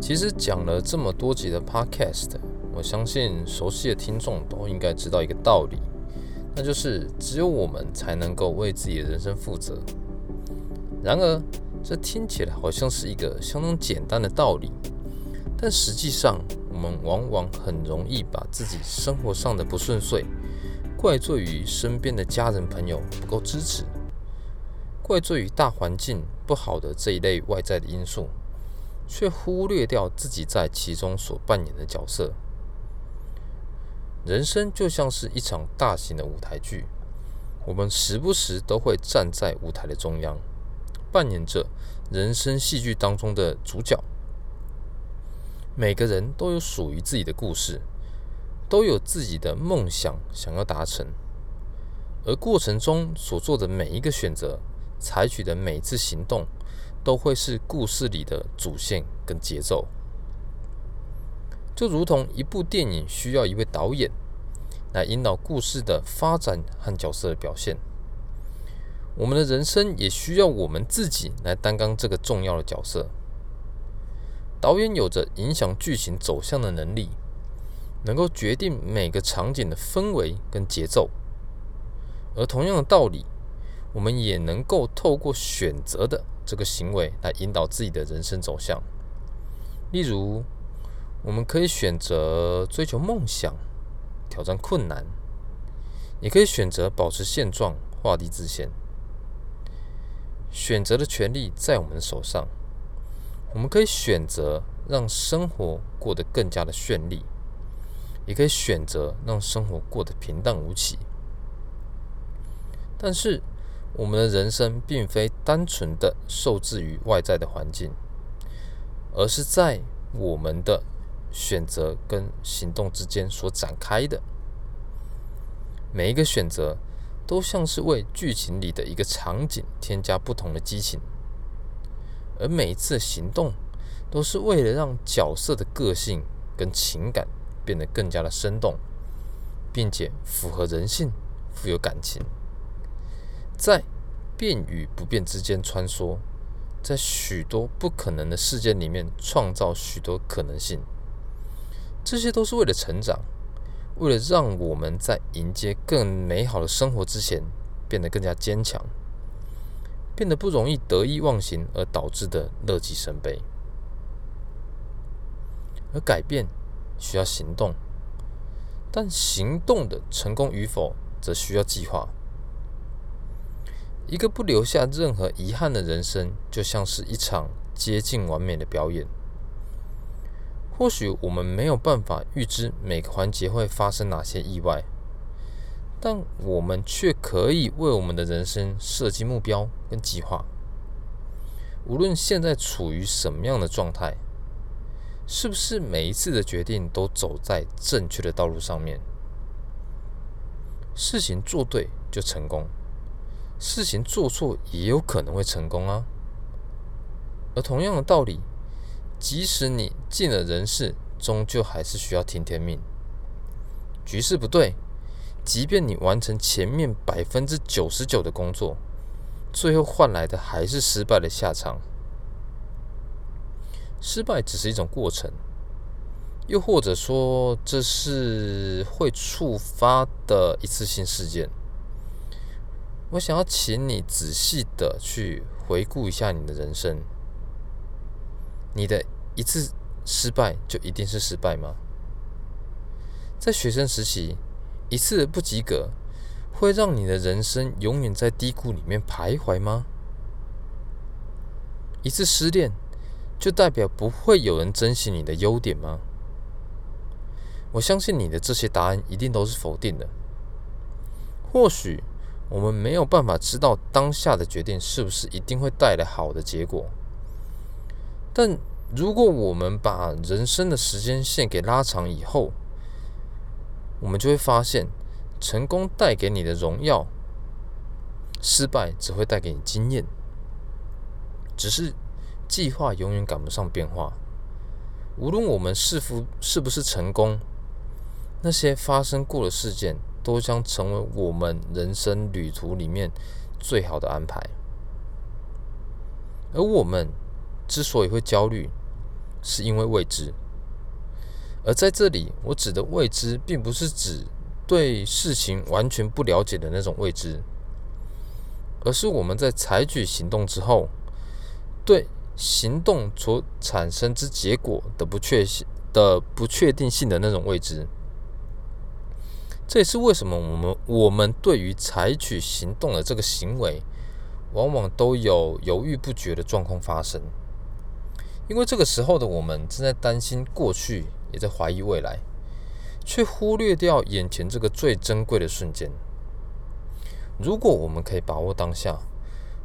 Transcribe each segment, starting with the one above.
其實講了這麼多集的 Podcast，我相信熟悉的聽眾都應該知道一個道理，那就是只有我們才能夠為自己的人生負責。然而，這聽起來好像是一個相當簡單的道理，但實際上，我們往往很容易把自己生活上的不順遂，怪罪於身邊的家人朋友不夠支持，怪罪於大環境不好的這一類外在的因素。卻忽略掉自己在其中所扮演的角色。人生就像是一場大型的舞台劇，我們時不時都會站在舞台的中央，扮演着人生戲劇當中的主角。每個人都有屬於自己的故事，都有自己的夢想想要達成，而過程中所做的每一個選擇，採取的每次行動。都會是故事裡的主線跟節奏，就如同一部電影需要一位導演來引導故事的發展和角色的表現，我們的人生也需要我們自己來擔當這個重要的角色。導演有着影響劇情走向的能力，能夠決定每個場景的氛圍跟節奏，而同樣的道理。我們也能夠透過選擇的這個行為來引導自己的人生走向。例如，我們可以選擇追求夢想、挑戰困難；也可以選擇保持現狀、畫地自限。選擇的權利在我們手上。我們可以選擇讓生活過得更加的絢麗，也可以選擇讓生活過得平淡無奇。但是。我們的人生並非單純的受制於外在的環境，而是在我們的選擇跟行動之間所展開的。每一個選擇都像是為劇情裡的一個場景添加不同的激情，而每一次行動都是為了讓角色的個性跟情感變得更加的生動，並且符合人性，富有感情。在變與不變之間穿梭，在許多不可能的事件裡面創造許多可能性，這些都是為了成長，為了讓我們在迎接更美好的生活之前變得更加堅強，變得不容易得意忘形而導致的樂極生悲。而改變需要行動，但行動的成功與否則需要計劃。一個不留下任何遺憾的人生，就像是一場接近完美的表演。或許我們沒有辦法預知每個環節會發生哪些意外，但我們卻可以為我們的人生設計目標跟計劃。無論現在處於什麼樣的狀態，是不是每一次的決定都走在正確的道路上面？事情做對就成功。事情做錯也有可能會成功啊，而同樣的道理，即使你盡了人事，終究還是需要聽天命。局勢不對，即便你完成前面百分之九十九的工作，最後換來的還是失敗的下場。失敗只是一種過程，又或者說，這是會觸發的一次性事件。我想要請你仔細的去回顧一下你的人生。你的一次失敗就一定是失敗嗎？在學生時期，一次不及格會讓你的人生永遠在低谷裡面徘徊嗎？一次失戀就代表不會有人珍惜你的優點嗎？我相信你的這些答案一定都是否定的。或許。我們沒有辦法知道當下的決定是不是一定會帶來好的結果，但如果我們把人生的時間線給拉長以後，我們就會發現，成功帶給你的榮耀，失敗只會帶給你經驗。只是計劃永遠趕不上變化，無論我們是否是不是成功，那些發生過的事件。都將成為我們人生旅途裡面最好的安排。而我們之所以會焦慮，是因為未知。而在這裡，我指的未知，並不是指對事情完全不了解的那種未知，而是我們在採取行動之後，對行動所產生之結果的不確定的不確定性的那種未知。這也是為什麼我們我們對於採取行動的這個行為，往往都有猶豫不決的狀況發生，因為這個時候的我們正在擔心過去，也在懷疑未來，却忽略掉眼前這個最珍貴的瞬間。如果我們可以把握當下，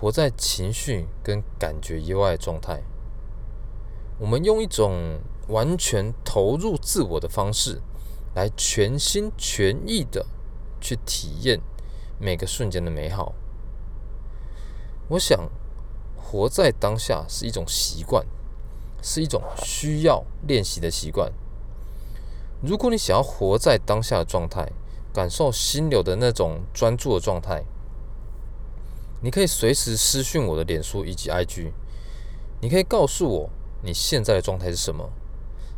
活在情緒跟感覺以外的狀態，我們用一種完全投入自我的方式。來全心全意的去體驗每個瞬間的美好。我想，活在當下是一種習慣，是一種需要練習的習慣。如果你想要活在當下的狀態，感受心流的那種專注的狀態，你可以隨時私訊我的臉書以及 IG，你可以告訴我你現在的狀態是什麼。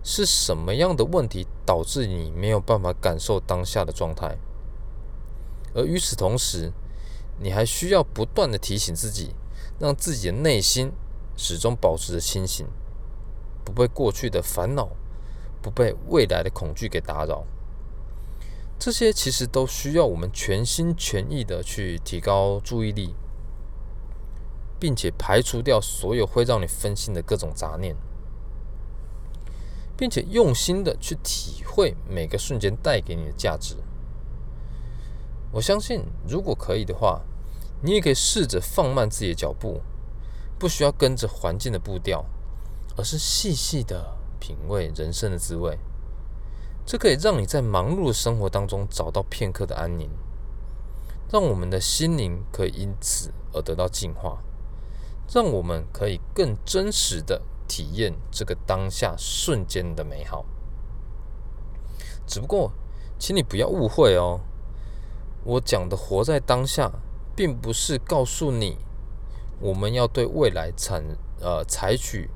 是什麼樣的問題導致你沒有辦法感受當下的狀態？而與此同時，你還需要不斷地提醒自己，讓自己的內心始終保持着清醒，不被過去的煩惱，不被未來的恐懼給打擾。這些其實都需要我們全心全意地去提高注意力，並且排除掉所有會讓你分心的各種雜念。並且用心的去體會每個瞬間帶給你的價值。我相信，如果可以的話，你也可以試着放慢自己的腳步，不需要跟着環境的步調，而是細細的品味人生的滋味。這可以讓你在忙碌的生活當中找到片刻的安寧，讓我們的心靈可以因此而得到淨化，讓我們可以更真實的。體驗這個當下瞬間的美好。只不過，請你不要誤會哦，我講的活在當下，並不是告訴你我們要對未來採呃採取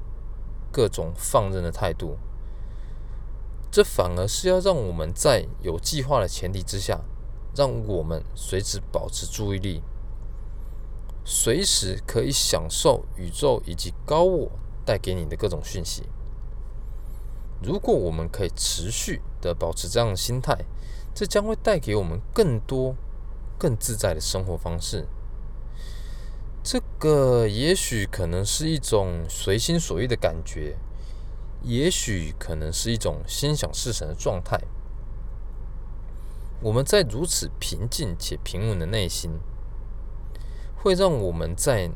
各種放任的態度，這反而是要讓我們在有計劃的前提之下，讓我們隨時保持注意力，隨時可以享受宇宙以及高我。帶給你的各種訊息。如果我們可以持續地保持這樣的心態，這將會帶給我們更多更自在的生活方式。這個也許可能是一種隨心所欲的感覺，也許可能是一種心想事成的狀態。我們在如此平靜且平穩的內心，會讓我們在。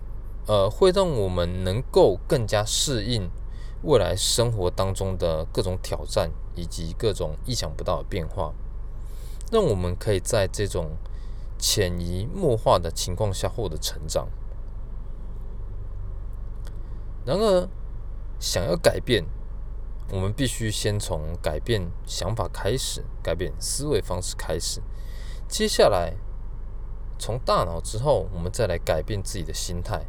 呃，會讓我們能夠更加適應未來生活當中的各種挑戰以及各種意想不到的變化，讓我們可以在這種潛移默化的情況下獲得成長。然而，想要改變，我們必須先從改變想法開始，改變思維方式開始。接下來，從大腦之後，我們再來改變自己的心態。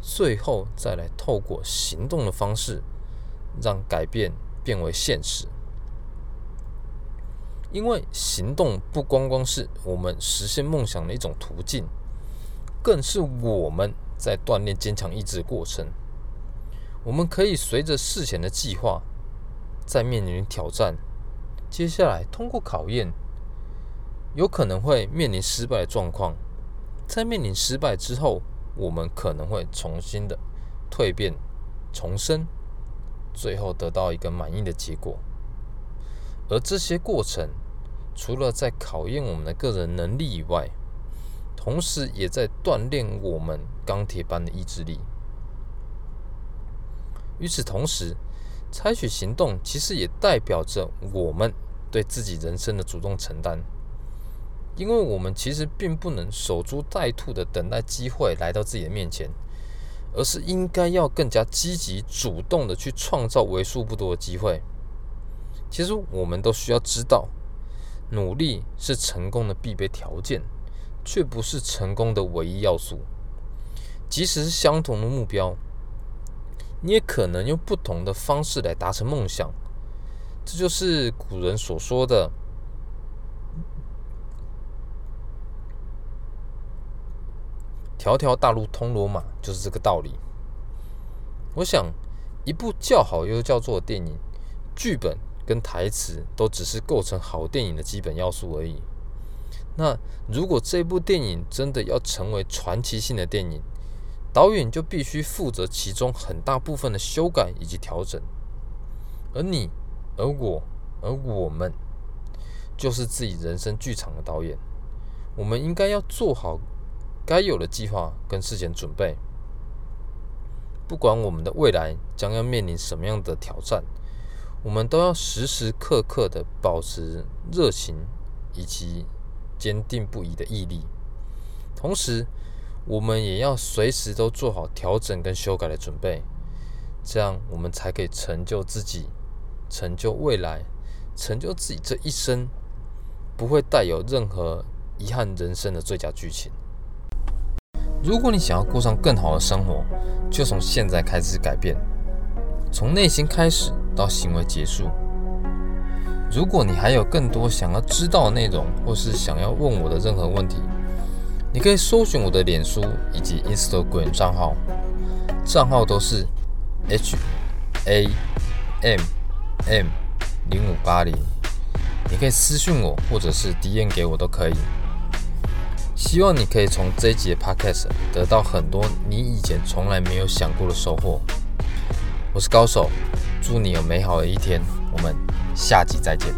最後再來透過行動的方式，讓改變變為現實。因為行動不光光是我們實現夢想的一種途徑，更是我們在鍛鍊堅強意志的過程。我們可以隨着事前的計劃，在面臨挑戰，接下來通過考驗，有可能會面臨失敗的狀況，在面臨失敗之後，我們可能會重新的蛻變、重生，最後得到一個滿意的結果。而這些過程，除了在考驗我們的個人能力以外，同時也在鍛鍊我們鋼鐵般的意志力。與此同時，採取行動其實也代表着我們對自己人生的主動承擔。因為我們其實並不能守株待兔地等待機會來到自己的面前，而是應該要更加積極主動地去創造為數不多的機會。其實我們都需要知道，努力是成功的必備條件，卻不是成功的唯一要素。即使是相同的目標，你也可能用不同的方式來達成夢想。這就是古人所說的。條條大路通羅馬，就是這個道理。我想，一部叫好又叫座的電影，劇本跟台詞都只是構成好電影的基本要素而已。那如果這部電影真的要成為傳奇性的電影，導演就必須負責其中很大部分的修改以及調整。而你，而我，而我們，就是自己人生劇場的導演。我們應該要做好。該有的計劃跟事前準備，不管我們的未來將要面臨什麼樣的挑戰，我們都要時時刻刻的保持熱情以及堅定不移的毅力。同時，我們也要隨時都做好調整跟修改的準備，這樣我們才可以成就自己，成就未來，成就自己這一生，不會帶有任何遺憾人生的最佳劇情。如果你想要過上更好的生活，就從現在開始改變，從內心開始到行為結束。如果你還有更多想要知道的內容或是想要問我的任何問題，你可以搜尋我的臉書以及 Instagram 賬號，賬號都是 H A M M 0580，你可以私訊我或者是 DM 給我都可以。希望你可以從這一集的 Podcast 得到很多你以前從來沒有想過的收穫。我是高手，祝你有美好的一天，我們下集再見。